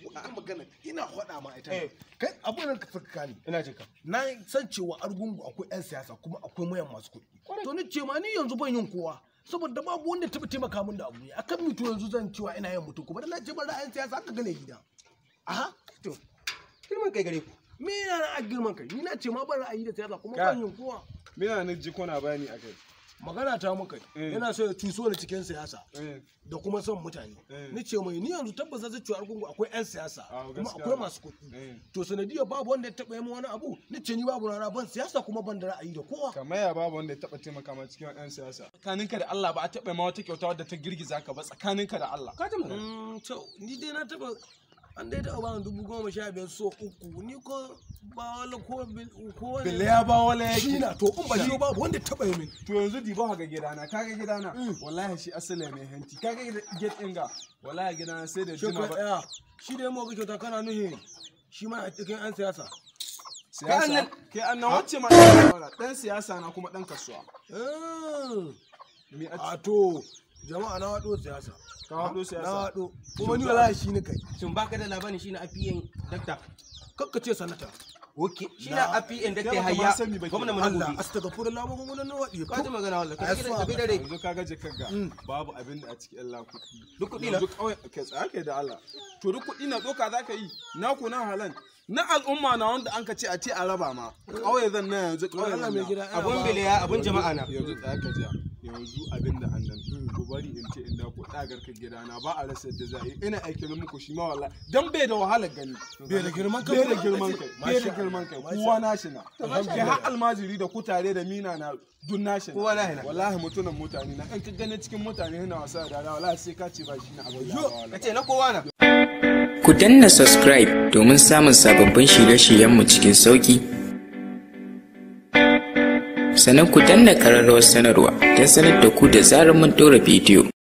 ina magana ina faɗa ma ita eh. kai abin ka saka kani ina jinka na san cewa argungu akwai yan siyasa kuma akwai mayan masu kuɗi to ni ce ma ni yanzu ban yin kowa saboda babu wanda taɓa taimaka min da abu ne akan mito yanzu zan cewa ina yin mutu kuma da na ce ban ra'ayin siyasa aka gane gida aha to girman kai gare ku me yana na girman kai ni na ce ma ban ra'ayi da siyasa kuma ban yin kowa me yana na ji kona bani a kai magana ta muka eh. yana so ya tuso ni cikin siyasa eh. da kuma son mutane eh. ni ce mai ni yanzu tabbas zai ciwo argungu akwai yan siyasa kuma akwai masu kuɗi to sanadiya babu wanda ya taba yi wani abu ni ce ni babu rana ban siyasa kuma ban da ra'ayi da kowa kamar ya babu wanda ya taba taimaka ma cikin yan siyasa tsakanin ka da Allah ba a yi ma wata kyauta wadda ta girgiza ka ba tsakanin ka da Allah ka ta mm, ni dai na taba an dai taɓa bani dubu goma sha biyar so uku ni ko bawala ko ko ne bile ya bawala yake shina na to in ba shi ba wanda taɓa yamin to yanzu di ba ga na kaga na. Mm. wallahi shi asali mai hanti kaga gida inga wallahi gida na sai da jima ba shi dai mu kyauta kana nuhi shi ma a cikin an siyasa siyasa an annan wacce ma dan siyasa na kuma dan kasuwa eh. a to jama'a na wado siyasa ka wado siyasa na wado kuma ni wallahi shi ne kai shin baka da labarin shi ne afiyan dakta kakka ce sanata Oke, shi na afiyan dakta hayya gwamnatin mu Allah astaghfirullah mun mun nan wadi ka ji magana wallahi ka kira da dare yanzu kaga gaje kanka mm. babu abin da a cikin Allah ku duk kudi na duk kawai kai tsake da Allah to duk kudi na doka zaka yi na ku na halan na al'umma na wanda an ka ce a ce a raba ma ƙauye zan na yanzu ƙauye na abun biliya abun jama'a na yanzu tsaya ka jiya yanzu abin da annan hmm, ku bari in ce in da ku tsagar ka na ba a rasa da za a yi ina aikin muku shi ma wallahi dan bai da wahalar gani bai da girman kai bai da girman kai bai da girman kai kowa nashi na ke har almajiri da ku tare da mina na dun nashi kowa nashi na wallahi mutunan mutane na in ka gane cikin mutane yana wasa da rara wallahi sai ka ce ba shi na abu. ka ce na kowa na ku danna subscribe domin samun sababbin shirye-shiryenmu cikin sauki sannan ku danna kararrawar sanarwa don sanar da ku da zarar mun dora bidiyo